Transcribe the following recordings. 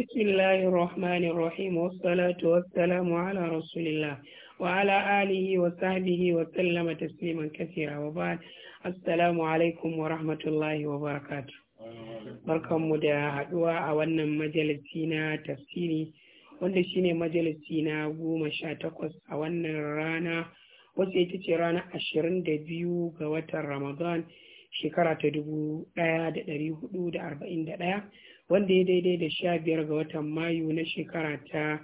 بسم الله الرحمن الرحيم والصلاة والسلام على رسول الله وعلى barkan mu da haduwa a wannan majalisi tafsiri wanda shine majalisi na goma sha takwas a wannan rana wacce ita ce ashirin da biyu ga watan ramadan shekara ta dubu daya hudu da arba'in da daya wanda ya daidai da sha biyar ga watan mayu na shekara ta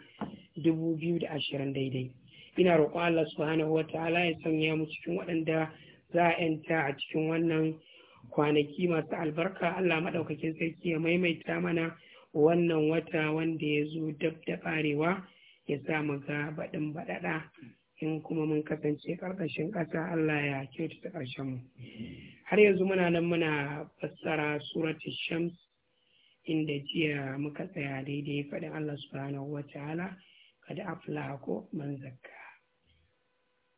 dubu biyu da ashirin daidai ina roƙo Allah subhanahu wa ta'ala ya sanya mu cikin waɗanda za a yanta a cikin wannan kwanaki masu albarka Allah maɗaukakin sarki ya maimaita mana wannan wata wanda ya zo dab da ƙarewa ya sa mu ga baɗin baɗaɗa in kuma mun kasance ƙarƙashin ƙasa Allah ya kyautata ƙarshen mu har yanzu muna nan muna fassara surati shams inda jiya muka tsaya daidai faɗin Allah subhanahu wa ta'ala kad aflahu man zakka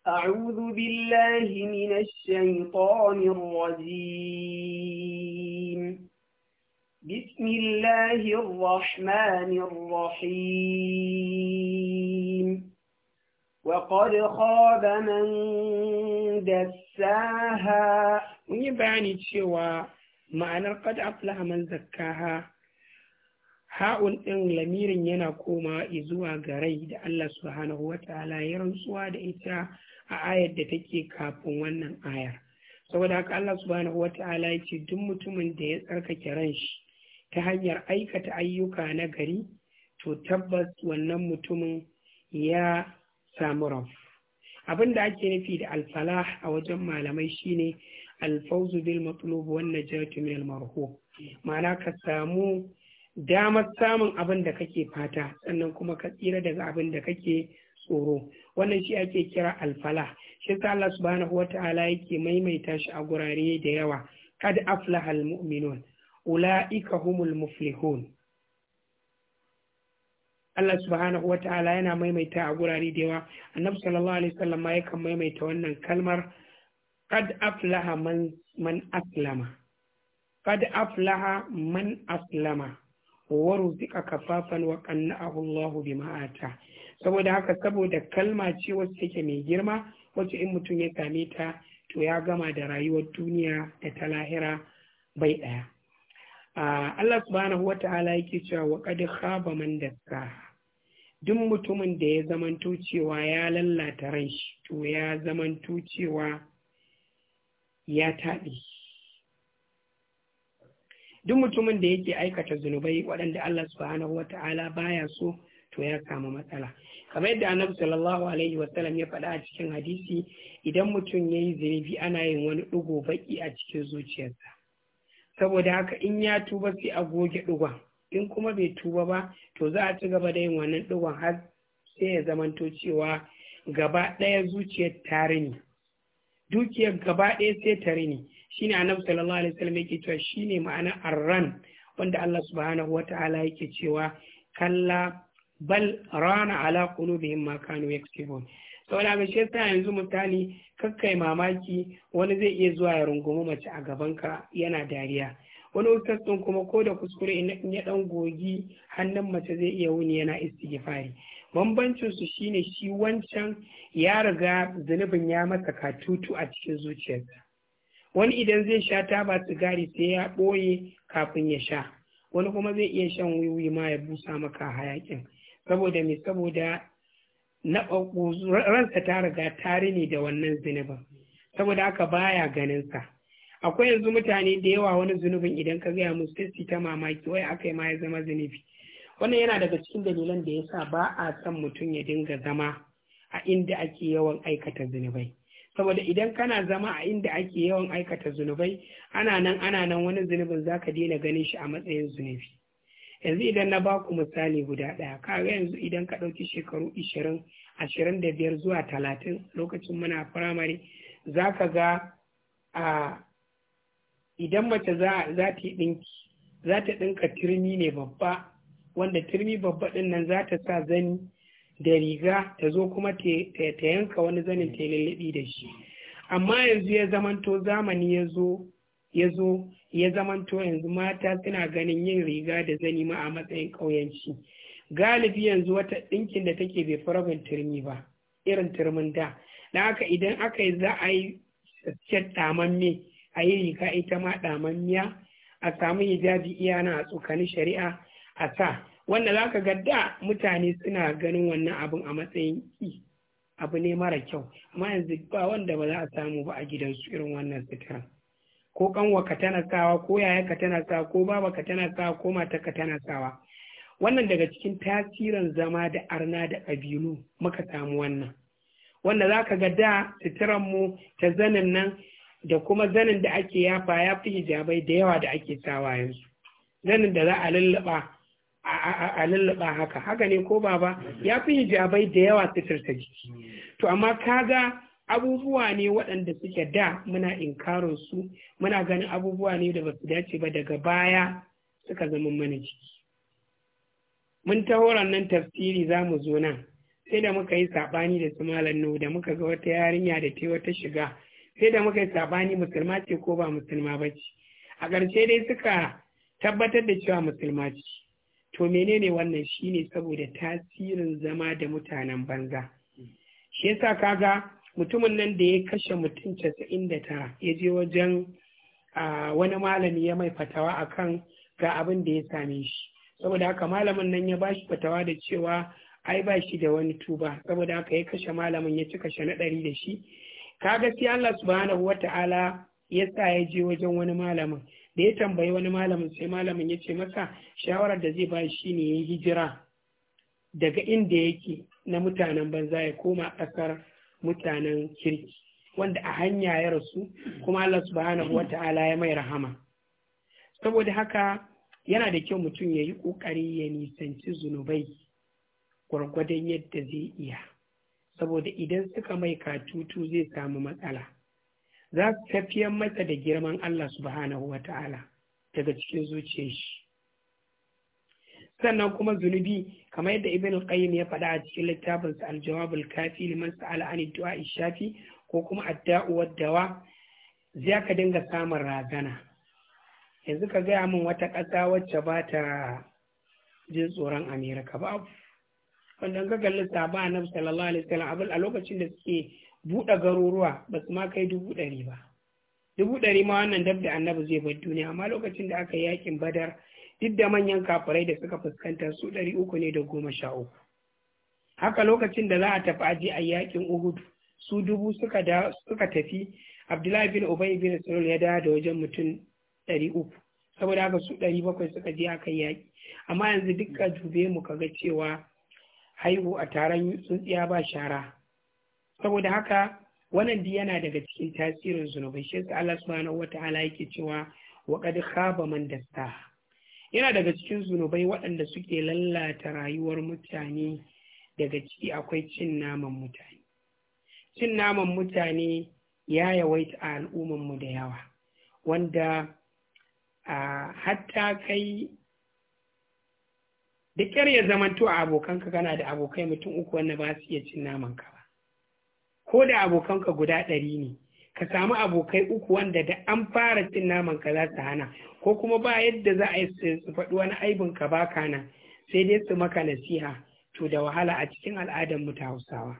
a'udhu billahi minash shaitanir rajim بسم الله الرحمن الرحيم وقد خاب من دساها من يبعني cewa ma'anar qad aflaha man zakkaha ha'un ɗin lamirin yana koma zuwa ga rai da Allah subhanahu wa ta'ala ya rantsuwa da ita a ayar da take kafin wannan ayar saboda haka Allah subhanahu wa ta'ala ya ce duk mutumin da ya tsarkake ranshi ta hanyar aikata ayyuka na gari to tabbas wannan mutumin ya samu raf abin da ake nufi da alfalah a wajen malamai shine alfauzu bil matlub wan najatu min al marhub ma'ana ka samu damar samun abin da kake fata sannan kuma ka tsira daga abin da kake tsoro wannan shi ake kira alfala shi ta Allah subhanahu wata'ala yake maimaita shi a gurare da yawa kad aflaha almu'minun ulaika humul muflihun Allah subhanahu wata'ala yana maimaita a gurare da yawa annabi sallallahu alaihi wasallam ma yakan maimaita wannan kalmar kad aflaha man man aslama kad aflaha man aslama wa ruzika kafafan wa qanna'ahu Allahu bi saboda haka saboda kalma ce wacce take mai girma wacce in mutum ya same ta to ya gama da rayuwar duniya da ta lahira bai ɗaya. Allah subhanahu wata'ala yake cewa wa qad khaba man duk mutumin da ya zamanto cewa ya lallata ranshi. shi to ya zamanto cewa ya shi duk mutumin da yake aikata zunubai waɗanda Allah subhanahu wata'ala baya so to ya samu matsala kamar yadda annabi sallallahu alaihi wasallam ya faɗa a cikin hadisi idan mutum yayi yi zunubi ana yin wani ɗigo baƙi a cikin zuciyarsa saboda haka in ya tuba sai a goge ɗigon in kuma bai tuba ba to za a ci gaba da yin wannan ɗigon har sai ya zamanto cewa gaba ɗaya zuciyar tarini dukiyar gaba ɗaya sai tarini ne shine annabi sallallahu alaihi wasallam yake cewa shine ma'ana arran wanda Allah subhanahu wata'ala yake cewa kalla bal rana ala qulubihim ma kanu yaksibun saboda abin shi yasa yanzu misali kakkai mamaki wani zai iya zuwa ya rungumi mace a gabanka yana dariya wani ustaz kuma ko da kuskure in ya dan gogi hannun mace zai iya wuni yana istighfari bambancin su shine shi wancan ya riga zunubin ya masa katutu a cikin zuciyarsa wani idan zai sha taba sigari sai ya ɓoye kafin ya sha wani kuma zai iya shan wiwi ma ya busa maka hayakin saboda me saboda na ransa ta riga tare ne da wannan zunubin saboda haka baya ganinsa akwai yanzu mutane da yawa wani zunubin idan ka gaya musu sai ta mamaki wai aka ma ya zama zunubi wannan yana daga cikin dalilan da yasa ba a son mutum ya dinga zama a inda ake yawan aikata zunubai saboda idan kana zama a inda ake yawan aikata zunubai ana nan ana nan wani zunubin za ka daina ganin shi a matsayin zunubi yanzu idan na baku misali guda ɗaya kaga yanzu idan ka ɗauki shekaru ishirin ashirin da biyar zuwa talatin lokacin muna firamare za ka ga a idan mace za ta yi ɗinki za ta ɗinka turmi ne babba wanda turmi babba ɗin nan za ta sa zani da riga ta zo kuma ta yanka wani zanin ta lullubi da shi amma yanzu ya zamanto zamani ya zo ya zo ya zamanto yanzu mata suna ganin yin riga da zani ma a matsayin ƙauyanci galibi yanzu wata ɗinkin da take bai farabin turmi ba irin turmin da da haka idan aka yi za a yi tsakiyar ɗamamme a yi riga ita ma ɗamammiya a samu hijabi iyana a tsokani shari'a a sa wanda za ka ga da mutane suna ganin wannan abin a matsayin ki abu ne mara kyau amma yanzu ba wanda ba za a samu ba a gidansu irin wannan sutura ko kanwa ka tana sawa ko yaya ka tana sawa ko baba ka tana sawa ko mata ka tana sawa wannan daga cikin tasirin zama da arna da ƙabilu muka samu wannan wanda za ka ga da suturanmu ta zanin nan da kuma zanin da ake yafa ya fi hijabai da yawa da ake sawa yanzu zanin da za a lullaba a lullaba haka haka ne ko baba ya fi hijabai da yawa ta jiki to amma kaga abubuwa ne waɗanda suke da muna inkarin su muna ganin abubuwa ne da basu dace ba daga baya suka zama mana jiki mun ta horon nan tafsiri za mu zo nan sai da muka yi saɓani da su malam da muka ga wata yarinya da ta wata shiga sai da muka yi saɓani musulma ce ko ba musulma ba ce a ƙarshe dai suka tabbatar da cewa musulma ce to menene wannan shine saboda tasirin zama da mutanen banza shi yasa kaga mutumin nan da ya kashe mutum casa'in da tara ya je wajen wani malami ya mai fatawa akan ga abin da ya same shi saboda haka malamin nan ya bashi fatawa da cewa ai ba shi da wani tuba saboda haka ya kashe malamin ya ci kashe na ɗari da shi kaga sai Allah subhanahu wata'ala ya sa ya je wajen wani malamin da ya tambayi wani malamin sai malamin ya ce masa shawarar da zai ba shi ne ya hijira daga inda yake na mutanen banza ya koma ƙasar mutanen kirki wanda a hanya ya rasu kuma Allah subhanahu wata'ala ya mai rahama saboda haka yana da kyau mutum ya yi ƙoƙari ya nisanci zunubai gwargwadon yadda zai iya saboda idan suka mai katutu zai samu matsala za su tafiyar masa da girman Allah subhanahu wa ta'ala daga cikin zuciyar shi sannan kuma zunubi kamar yadda ibn qayyim ya faɗa a cikin littafin sa al-jawabul kafi liman sa'ala an du'a Ishafi ko kuma adda'u dawa za ka dinga samun razana yanzu ka gaya min wata ƙasa wacce ba ta jin tsoron amerika ba wannan ga galli sahaba sallallahu alaihi wasallam a lokacin da suke buɗe garuruwa ba su ma kai dubu ɗari ba dubu ɗari ma wannan dab da annabi zai bar duniya amma lokacin da aka yi yakin badar duk da manyan kafirai da suka fuskanta su ɗari uku ne da goma sha uku haka lokacin da za a tafi aji a yakin uhud su dubu suka tafi abdullahi bin ubay bin sulul ya dawo da wajen mutum ɗari uku saboda haka su ɗari bakwai suka je aka yaƙi. amma yanzu duka dube mu kaga cewa haihu a taron tsuntsiya ba shara saboda haka wannan dai yana daga cikin tasirin zunubai shi yasa Allah subhanahu wata'ala yake cewa wa qad khaba man dastaha yana daga cikin zunubai waɗanda suke lallata rayuwar mutane daga ciki akwai cin naman mutane cin naman mutane ya yawaita a mu da yawa wanda a hatta kai da kyar ya zamanto a abokanka kana da abokai mutum uku wanda ba su iya cin naman ka ko da abokanka guda ɗari ne ka samu abokai uku wanda da an fara cin naman ka za su hana ko kuma ba yadda za a yi su faɗi wani aibin ka ba kana sai dai su maka nasiha to da wahala a cikin al'adar mu ta Hausawa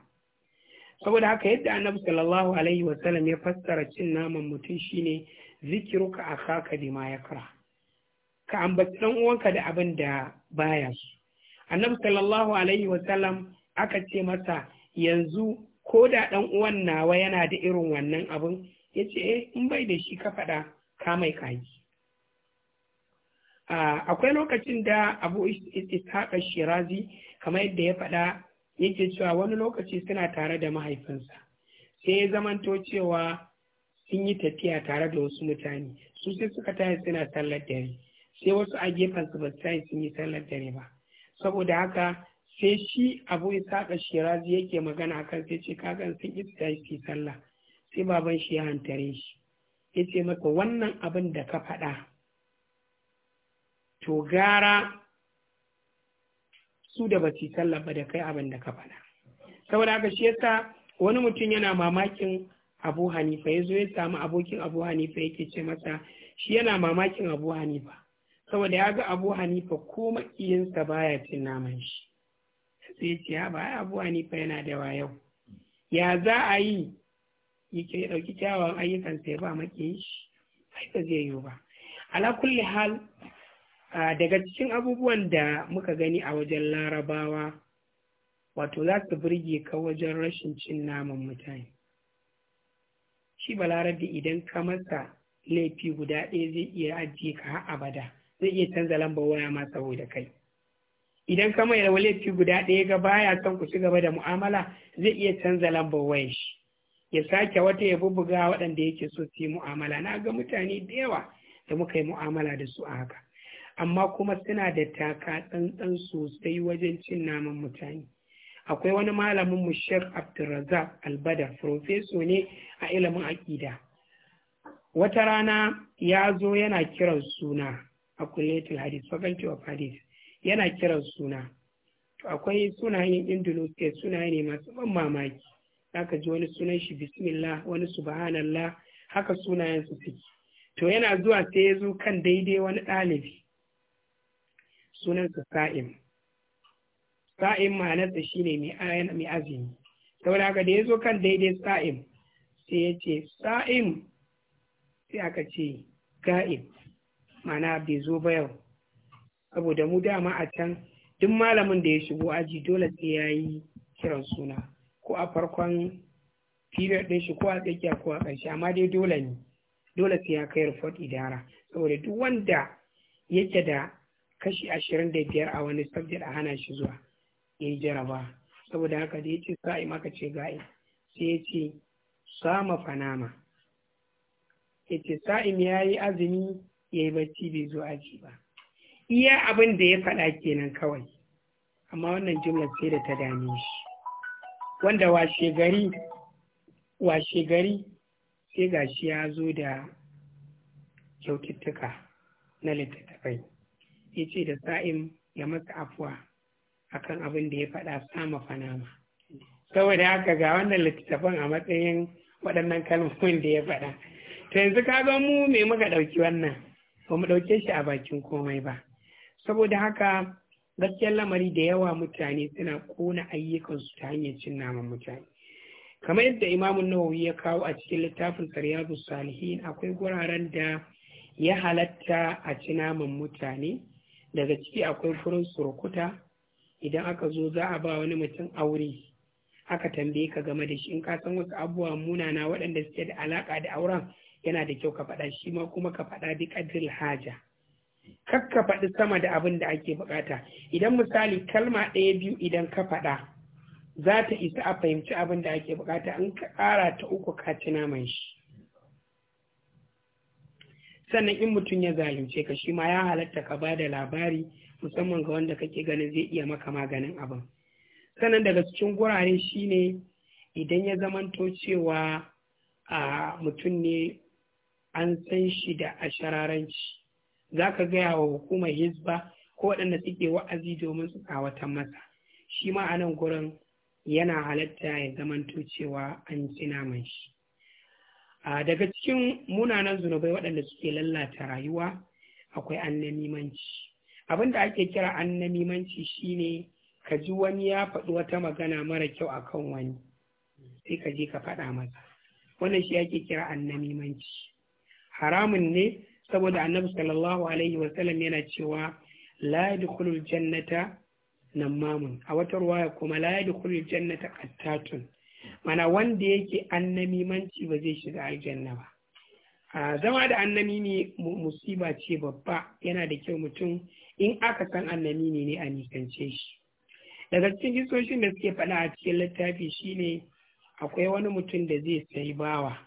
saboda haka yadda Annabi sallallahu alaihi wasallam ya fassara cin naman mutum shine zikiruka akaka bima yakra ka ambaci dan uwanka da abin da baya so Annabi sallallahu alaihi wasallam aka ce masa yanzu ko da ɗan uwan nawa yana da irin wannan abin ya ce eh, in bai da shi ka faɗa ka mai kaji akwai lokacin da abu ishaqa shirazi kamar yadda ya faɗa yake cewa wani lokaci suna tare da mahaifinsa sai ya zamanto cewa sun yi tafiya tare da wasu mutane su sai suka tashi suna sallar dare sai wasu a gefen su ba su sun yi sallar dare ba saboda haka sai shi abu isaka shirazi yake magana kan sai ce kagan sun iska shi sallah sai baban shi ya hantare shi ya ce masa wannan abin da ka faɗa to gara su da ba su sallah ba da kai abin da ka faɗa saboda haka shi yasa wani mutum yana mamakin abu hanifa ya zo ya samu abokin abu hanifa yake ce masa shi yana mamakin abu hanifa saboda ya ga abu hanifa ko makiyinsa baya cin naman shi sai ce ha ba abu fa yana da yau. ya za a yi yake ya ɗauki kyawawan ayyukan sai ba maki shi ai ba zai yiwu ba ala kulli hal daga cikin abubuwan da muka gani a wajen larabawa wato za su burge ka wajen rashin cin naman mutane shi balarabe idan ka masa laifi guda ɗaya zai iya ajiye ka har abada zai iya canza lambar waya ma saboda kai idan ka mai laifi guda ɗaya ga baya son ku ci gaba da mu'amala zai iya canza lambar wayan shi ya sake wata ya bubuga waɗanda yake so su yi mu'amala na ga mutane da yawa da muka yi mu'amala da su a haka amma kuma suna da taka tsantsan sosai wajen cin naman mutane akwai wani malamin mu shek Abdulrazak Albadar profeso ne a ilimin aƙida wata rana ya zo yana kiran suna a kulletul hadis faculty of hadith yana kiran suna to akwai sunayen indonesia sunaye ne masu ban mamaki zaka ji wani sunan shi bismillah wani subhanallah haka sunayen su suke to yana zuwa sai ya zo kan daidai wani ɗalibi sunansa sa'im sa'im ma'anarsa shine mai azumi saboda haka da ya zo kan daidai sa'im sai ya ce sa'im sai aka ce ga'im ma'ana bai zo ba yau saboda mu dama a can duk malamin da ya shigo aji dole sai ya yi kiran suna ko a farkon period ɗin shi ko a tsakiya ko a ƙarshe amma dai dole ne dole sai ya kai report idara saboda duk wanda yake da kashi ashirin da biyar a wani subject a hana shi zuwa ya yi jaraba saboda haka da ya ce sa'i maka ce ga'i sai ya ce sama fanama ya ce sa'im ya yi azumi ya yi bacci bai zo aji ba iya abin da ya faɗa kenan kawai amma wannan jumlar sai da ta dame shi wanda washe gari washe gari sai gashi ya zo da kyaututtuka na littattafai ya ce da sa'in ya masa afuwa akan abin da ya faɗa sama fanama saboda haka ga wannan littattafan a matsayin waɗannan kalmomin da ya faɗa ta yanzu ka ga mu me muka ɗauki wannan ba mu ɗauke shi a bakin komai ba saboda haka gaskiyar lamari da yawa mutane suna kona ayyukansu ta hanyar cin naman mutane kamar yadda imamun nawawi ya kawo a cikin littafin sariyatu salihin akwai guraren da ya halatta a ci naman mutane daga ciki akwai furin surukuta idan aka zo za a ba wani mutum aure aka tambaye ka game da shi in ka san wasu abubuwa munana waɗanda suke da alaka da auren yana da kyau ka faɗa shi ma kuma ka faɗa bi ƙadir haja kakka faɗi sama da abin da ake bukata idan misali kalma ɗaya biyu idan ka faɗa za ta isa a fahimci abin da ake bukata in ka ƙara ta uku ka ci naman shi sannan in mutum ya zalunce ka shi ma ya halatta ka ba da labari musamman ga wanda kake ganin zai iya maka maganin abin sannan daga cikin gurare shine idan ya zamanto cewa a mutum ne an san shi da ashararanci za ka gaya wa hukumar Hisba ko waɗanda suke wa'azi domin su kawatan masa shi ma a nan gurin yana halatta ya zamanto cewa an ci naman shi daga cikin munanan zunubai waɗanda suke lallata rayuwa akwai annamimanci abin da ake kira annamimanci shine ka ji wani ya faɗi wata magana mara kyau akan wani sai ka je ka faɗa masa wannan shi ake kira annamimanci haramun ne saboda annabi sallallahu alaihi wasallam yana cewa la yadkhulul jannata namamun a wata ruwaya kuma la yadkhulul jannata qattatun mana wanda yake annami manci ba zai shiga aljanna ba a zama da annami ne musiba ce babba yana da kyau mutum in aka san annami ne ne a nisance shi daga cikin da suke faɗa a cikin littafi shine akwai wani mutum da zai sayi bawa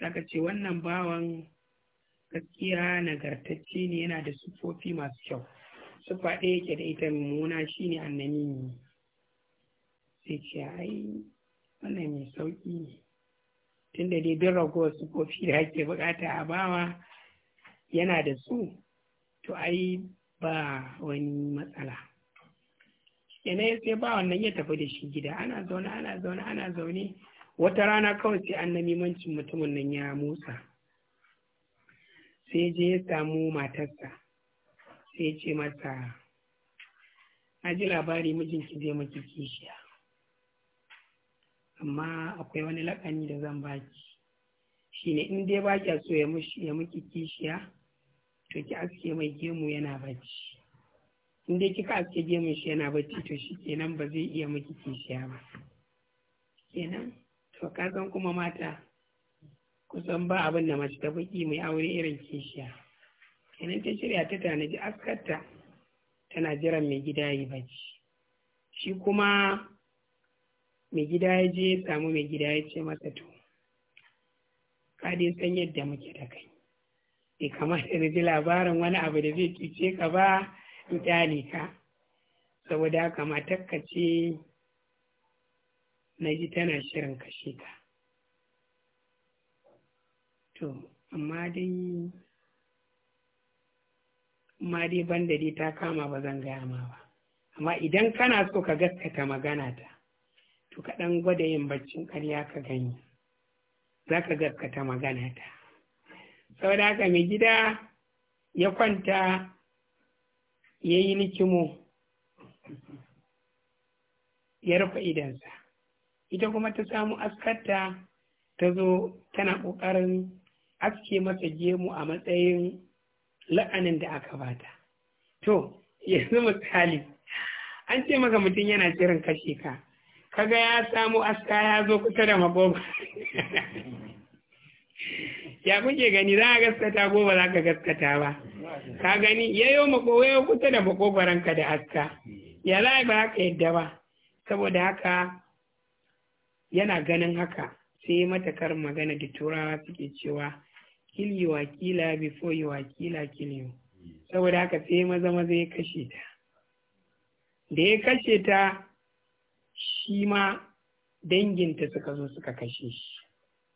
saka ce wannan bawan gaskiya nagartacce ne yana da siffofi masu kyau sufa ɗaya yake da ita mummuna shi ne annami ne. sai ce ai wannan mai sauƙi ne tunda dai ragowar siffofi da ake buƙata a bawa yana da su to ai ba wani matsala yanayi sai ba wannan ya tafi da shi gida ana zaune ana zaune ana zaune wata rana kawai sai an mancin mutumin nan ya musa. sai je ya samu matarsa sai ce mata na ji labari mijinki zai maki kishiya amma akwai wani lakani da zan baki shine in dai ba kya so ya miki kishiya to ki aske mai gemu yana bacci in dai kika aske gemun shi yana bacci to shi kenan ba zai iya miki kishiya ba kenan to kazan kuma mata kusan ba abin da mace ta fuki mai aure irin kishiya kenan ta shirya ta tanaji askarta tana jiran mai gida yi bacci shi kuma mai gida ya je samu mai gida ya ce masa to ka san yadda muke da kai bai kamata na ji labarin wani abu da zai cuce ka ba in ka saboda haka ka ce na ji tana shirin kashe ka to amma dai amma dai banda dai ta kama ba zan gaya ma ba amma idan kana so ka gaskata magana ta to ka dan gwada yin baccin ƙarya ka gani za ka gaskata magana ta saboda haka mai gida ya kwanta ya yi nikimo ya rufe idansa ita kuma ta samu askarta ta zo tana ƙoƙarin aske mata gemu a matsayin la'anin da aka bata to yanzu misali an ce maka mutum yana jirin kashe ka kaga ya samu aska ya zo kusa da maboba. ya kuke gani za a gaskata ko ba za ka gaskata ba ka gani yayo ya kusa da makogoranka da aska ya za ba ka yadda ba saboda haka yana ganin haka sai matakar magana da turawa suke cewa kill you a killer before you a killer kill you saboda haka sai maza maza ya kashe ta da ya kashe ta shi ma danginta suka zo suka kashe shi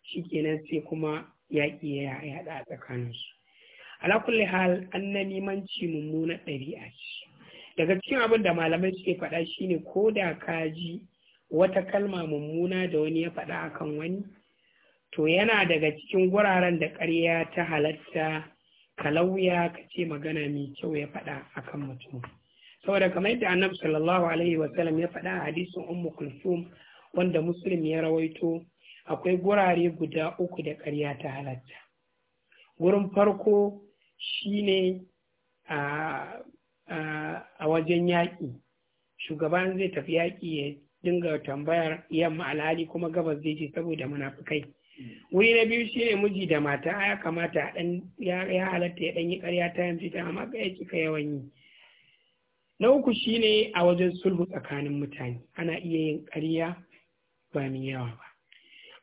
shikenan sai kuma yaƙi ya yaɗa a tsakaninsu ala kulli hal nimanci mummuna ɗaria ce daga cikin abin da malamai suke faɗa shine ko da ka ji wata kalma mummuna da wani ya faɗa akan wani to yana daga cikin guraren da ƙarya ta halatta kalauya ka ce magana mai kyau ya faɗa kan mutum saboda kamar yadda annabi sallallahu alaihi wasallam ya faɗa a hadisin ummu kulsum wanda muslim ya rawaito akwai gurare guda uku da ƙarya ta halatta gurin farko shi ne a wajen yaƙi shugaban zai tafi yaƙi ya dinga tambayar yamma alhali kuma gabas zai je saboda munafukai wuri na biyu shine miji da mata ya kamata ya halatta ya ɗan yi ƙarya ta yanzu ta amma ya kika yawan yi na uku shine a wajen sulhu tsakanin mutane ana iya yin ƙarya ba mai yawa ba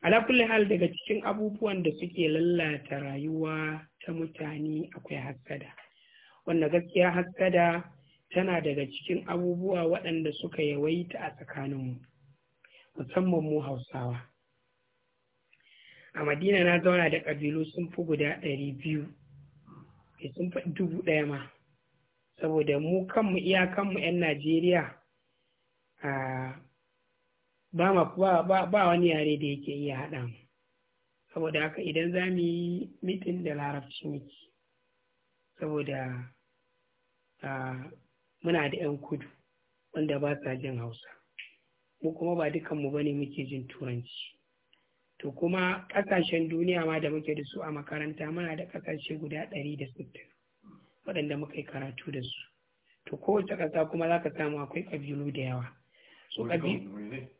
ala kulli hal daga cikin abubuwan da suke lalata rayuwa ta mutane akwai hassada wanda gaskiya hassada tana daga cikin abubuwa waɗanda suka yawaita a tsakaninmu musamman mu hausawa a madina na zauna da ƙabilu sun fi guda ɗari biyu eh, sun fi dubu ɗaya ma saboda mu kanmu iyakanmu 'yan najeriya ba wani yare da yake iya haɗa mu saboda haka idan za mu yi mitin da larabci miki saboda muna da 'yan kudu wanda ba sa jin hausa mu kuma ba dukanmu ba ne muke jin turanci to kuma ƙasashen duniya ma da muke da su a makaranta muna da kasashe guda ɗari da sittin waɗanda muka yi karatu da su to kowace ƙasa kuma za ka samu akwai ƙabilu da yawa so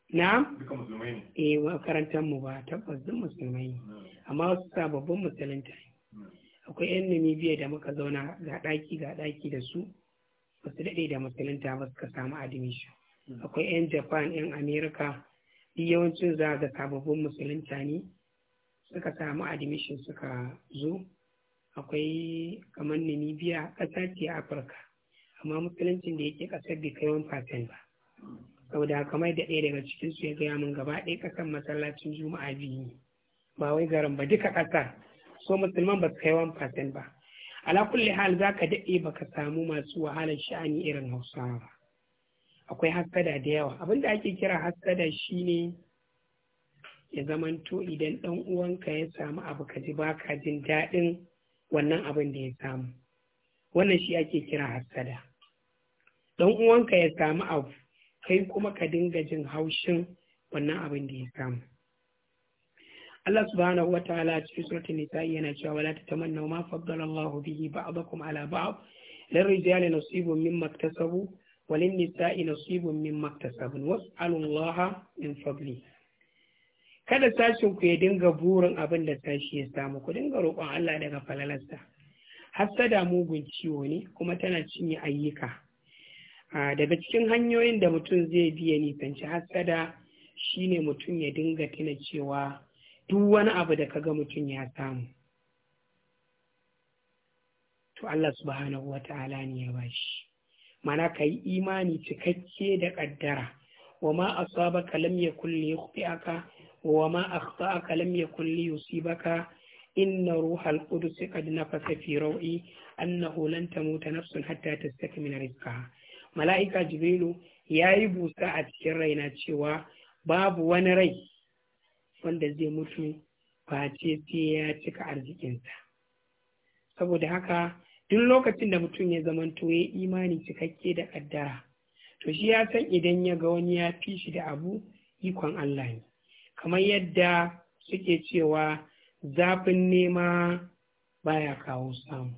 na eh makarantar mu ba tabbas duk musulmai hmm. amma wasu sababbin musulunta hmm. akwai yan namibiya da muka zauna ga ɗaki ga ɗaki da su ba daɗe da musulunta ba suka samu admission hmm. akwai yan japan yan america yawancin za ga sababbin musulunta ne suka samu admission suka zo akwai kamar namibia ƙasa ce afirka amma musuluncin da yake ƙasar bai kai 1% ba saboda kamar da ɗaya daga cikin su ya gaya min gaba ɗaya ƙasar masallacin juma'a biyu ba wai garin ba duka ƙasar so musulman ba su kai 1% ba ala kulli hal za ka daɗe baka samu masu wahalar sha'ani irin hausawa ba akwai hassada da yawa abin da ake kira hassada shine ya zamanto idan ɗan uwanka ya samu abu ka ji baka jin daɗin wannan abin da ya samu wannan shi ake kira hassada ɗan uwanka ya samu abu kai kuma ka dinga jin haushin wannan abin da ya samu Allah subhanahu wa ta'ala cikin suratul nisa yana cewa wala tatamannaw ma faddala Allahu bihi ba'dakum ala ba'd lirrijali nasibun mimma iktasabu walin nisa'i nasibun min maktasabun was'alullaha in fabli kada sashin ku ya dinga burin abin da sashi ya samu ku dinga roƙon Allah daga falalarsa hassada mugun ciwo ne kuma tana cinye ayyuka daga cikin hanyoyin da mutum zai biya nisanci hassada shine mutum ya dinga tuna cewa duk wani abu da kaga mutum ya samu to Allah subhanahu wa ta'ala ne ya bashi mana ka yi imani cikakke da ƙaddara wa ma asaba ka lam ya li wa ma akhta'aka lam yakul li yusibaka inna ruhal qudus qad nafasa fi raw'i annahu lan tamuta nafsun hatta min rizqaha mala'ika jibrilu ya yi busa a cikin raina cewa babu wani rai wanda zai mutu ba ce sai ya cika arzikinsa saboda haka duk lokacin da mutum ya zamanto ya imani cikakke da kaddara to shi ya san idan ya ga wani ya fi shi da abu ikon Allah ne kamar yadda suke cewa zafin nema baya kawo samu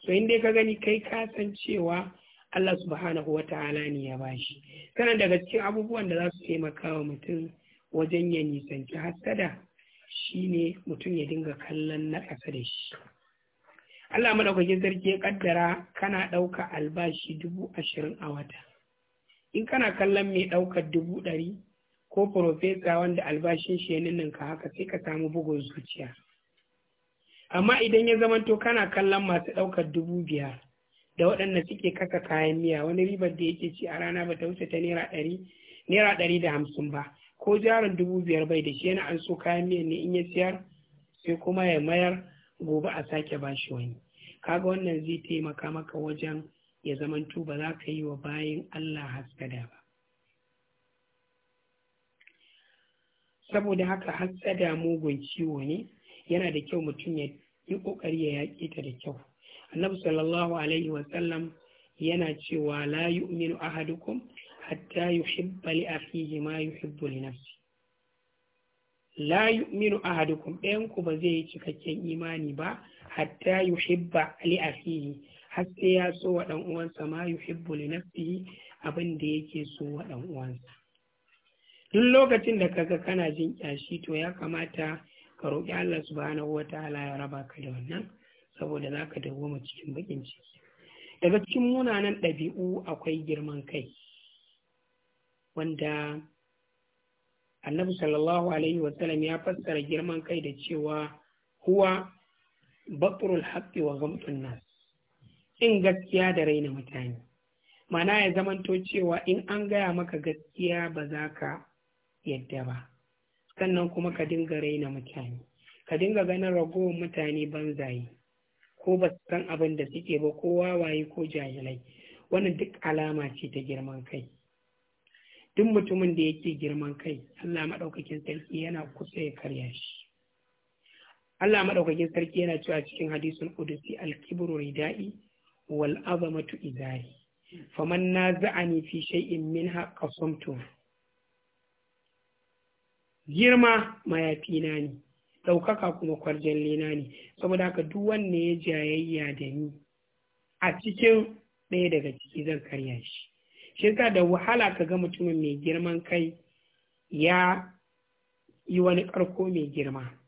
so in dai ka gani kai ka san cewa Allah subhanahu wata'ala ne ya bashi kana daga cikin abubuwan da za su taimaka wa mutum wajen ya nisanci hasada shine mutum ya dinga kallon na ƙasa da shi Allah madaukakin sarki ya kaddara kana ɗauka albashi dubu ashirin a wata in kana kallon mai ɗaukar dubu ɗari ko profesa wanda albashin shi ya ka haka sai ka samu bugun zuciya amma idan ya zamanto kana kallon masu ɗaukar dubu biyar da waɗanda suke kasa kayan miya wani ribar da yake ci a rana ba ta wuce ta naira ɗari naira ɗari da hamsin ba ko jarin dubu biyar bai da shi yana an so kayan miyan ne in ya siyar sai kuma ya mayar gobe a sake bashi wani kaga wannan zai taimaka maka wajen ya zamantu ba za ka yi wa bayan Allah hassada ba saboda haka hassada mugun ciwo ne yana da kyau mutum ya yi ƙoƙari ya yaƙi ta da kyau annabi sallallahu alaihi wasallam yana cewa la yu'minu ahadukum hatta yuhibba li akhihi ma yuhibbu li nafsi la yu'minu ahadukum ɗayan ku ba zai yi cikakken imani ba hatta yuhibba li akhihi har sai ya so wa dan uwansa ma yuhibbu li nafsihi abin da yake so wa dan uwansa duk lokacin da kaga kana jin kyashi to ya kamata ka roƙi Allah subhanahu wataala ya raba ka da wannan saboda zaka dawoma cikin bakin ciki daga cikin munanan ɗabi'u akwai girman kai wanda annabi sallallahu alaihi wasallam ya fassara girman kai da cewa huwa batrul haqqi wa ghamtun nas in gaskiya da raina mutane mana ya zamanto cewa in an gaya maka gaskiya ba za ka yadda ba sannan kuma ka dinga raina mutane ka dinga ganin ragowar mutane banzaye ko ba su san abin da suke ba ko wawaye ko jahilai wannan duk alama ce ta girman kai duk mutumin da yake girman kai Allah maɗaukakin sarki yana kusa ya karya shi Allah maɗaukakin sarki yana cewa cikin hadisin qudusi al-kibru rida'i wal azamatu izari faman naza'ani fi shay'in min qasamtu girma mayafina ne ɗaukaka kuma kwarjan lena ne saboda haka duk wanne ya jayayya da ni a cikin ɗaya daga ciki zan karya shi shi yasa da wahala ka ga mutumin mai girman kai ya yi wani ƙarko mai girma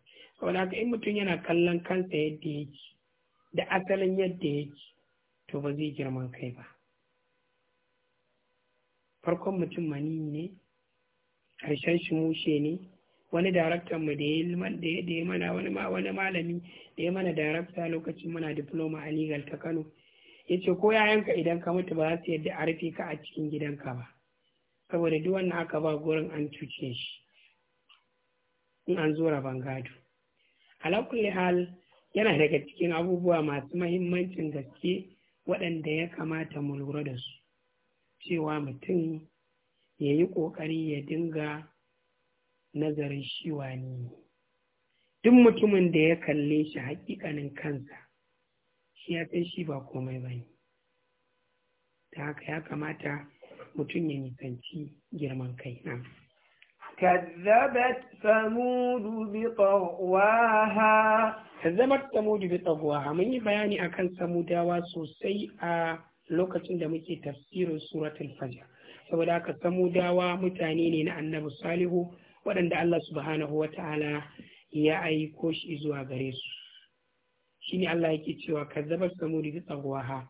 saboda haka in mutum yana kallon kansa yadda yake da asalin yadda yake to ba zai girman kai ba farkon mutum mani ne ƙarshen shi mushe ne wani daraktan mu da ya mana wani malami da ya mana darakta lokacin muna diploma a legal ta Kano ya ce ko yayanka idan ka mutu ba za su yadda a rufe ka a cikin gidanka ba saboda duk wannan aka ba gurin an cuce shi in an zo ban gado ala kulli hal yana daga cikin abubuwa masu mahimmancin gaske waɗanda ya kamata mu lura da su cewa mutum ya yi ƙoƙari ya dinga nazarin shiwa ne duk mutumin da ya kalle shi haƙiƙanin kansa shi ya san shi ba komai ba ne ta haka ya kamata mutum ya nisanci girman kai na. كذبت ثمود بطغواها كذبت ثمود بطغواها من بياني أكن ثمود وسوسي lokacin da muke tafsirin suratul fajr saboda haka samudawa mutane ne na annabi salihu waɗanda Allah subhanahu wa ta'ala ya aiko shi zuwa gare su shi ne Allah yake cewa kazzabar samudi da tsawaha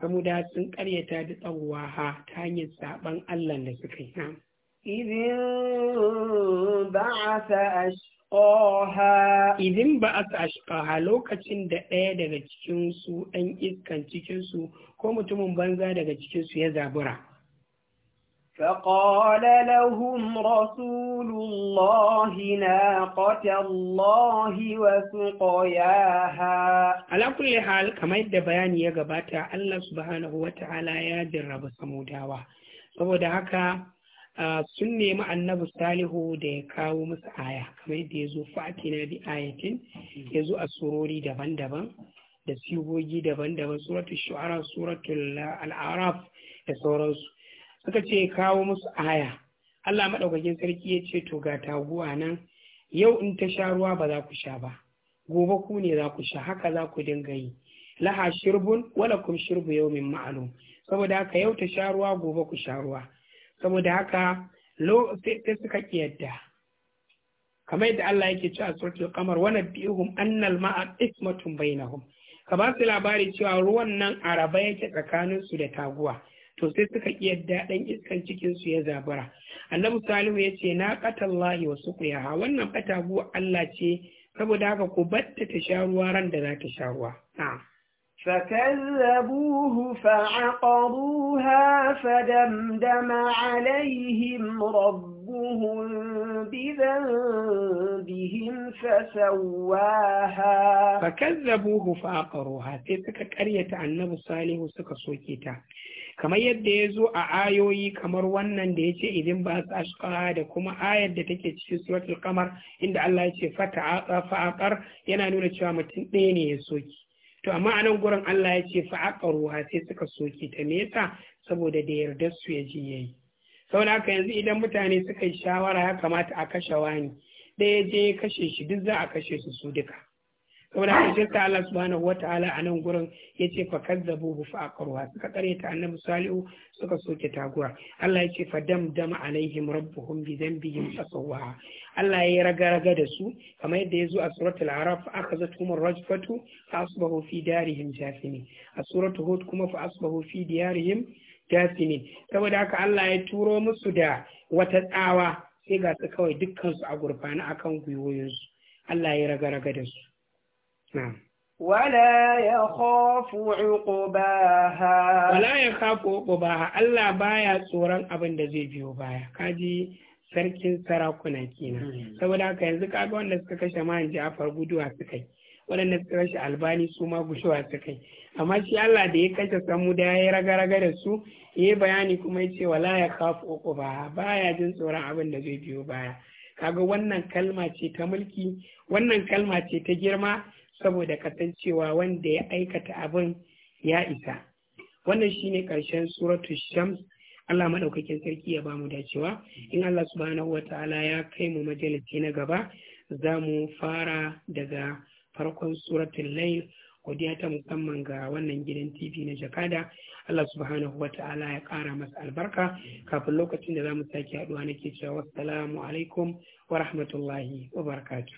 samuda sun karyata da ha ta hanyar saban Allah da suka yi إذ انبعث أشقاها إذ انبعث أشقاها lokacin da ɗaya daga cikinsu ɗan iskan cikinsu ko mutumin banza daga cikinsu ya zabura فقال لهم رسول الله ناقة الله وسقياها على كل حال كما يدى بياني يا الله سبحانه وتعالى يا جرب سموداوا saboda haka sun nemi annabi salihu da ya kawo musu aya kamar yadda ya zo fatina bi ayatin ya zo a surori daban-daban da sigogi daban-daban suratul shu'ara suratul al'araf da sauransu suka ce ya kawo musu aya Allah maɗaukakin sarki ya ce to ga taguwa nan yau in ta sha ruwa ba za ku sha ba gobe ku ne za ku sha haka za ku dinga yi laha shirbun wala kum shirbu yau min ma'alum saboda haka yau ta sha ruwa gobe ku sha ruwa saboda haka lo sai suka kiyarda kamar yadda Allah yake cewa suratul qamar wa nabihum annal ma'a ismatun bainahum ka ba su labari cewa ruwan nan araba yake tsakanin su da taguwa to sai suka kiyarda dan iskan cikin su ya zabura annabi salihu ya ce na qatallahi wa suqiyaha wannan qataguwa Allah ce saboda haka ku batta ta sha ruwa ran da za ta sha ruwa na'am فكذبوه فعقروها فدمدم عليهم ربهم بذنبهم فسواها فكذبوه فعقروها karyata annabi salihu suka soke ta. kamar yadda ya zo a ayoyi kamar wannan da ya ce idin ba su ashka da kuma ayar da take cikin suratul kamar inda Allah ya ce fata fa'aqar yana nuna cewa mutum ɗaya ne ya soke. to amma a nan gurin Allah ya ce fa aka ruwa sai suka soke ta nesa saboda da yardar su ya ji yayi saboda haka yanzu idan mutane suka yi shawara ya kamata a kashe wani da ya je kashe shi duk za a kashe su su duka saboda haka shi Allah subhanahu wataala a nan gurin ya ce fa kazzabu bu fa aqruha suka kareta annabi salihu suka soke taguwa Allah ya ce fa damdam alaihim rabbuhum bi dhanbihim fasawwaha Allah ya raga raga da su kamar yadda ya zo a suratul araf akhazatuhum ar-rajfatu fa asbahu fi darihim jathimin a suratul hud kuma fa asbahu fi diyarihim jathimin saboda haka Allah ya turo musu da wata tsawa sai ga su kawai dukkan su a gurfana akan gwiwoyinsu Allah ya raga raga da su wala ya khafu uqbaha wala ya khafu uqbaha Allah baya tsoron abin da zai biyo baya kaji sarkin sarakuna kenan saboda haka yanzu kaga wanda suka kashe man Ja'far guduwa suka yi Wadanda suka kashe albani su ma gushewa suka yi amma shi Allah da ya kashe samu da ya raga-raga da su ya yi bayani kuma ya ce wala ya kafu uku ba baya jin tsoron abin da zai biyo baya kaga wannan kalma ce ta mulki wannan kalma ce ta girma saboda kasancewa wanda ya aikata abin ya isa wannan shi ne ƙarshen suratu shams Allah maɗaukakin sarki ya bamu dacewa in Allah subhanahu wataala ya kai mu majalisi na gaba za mu fara daga farkon suratun layl godiya ta musamman ga wannan gidan TV na Jakada Allah subhanahu ta'ala ya ƙara masa albarka kafin lokacin da za mu sake haɗuwa nake cewa wassalamu alaikum wa rahmatullahi wa barakatuh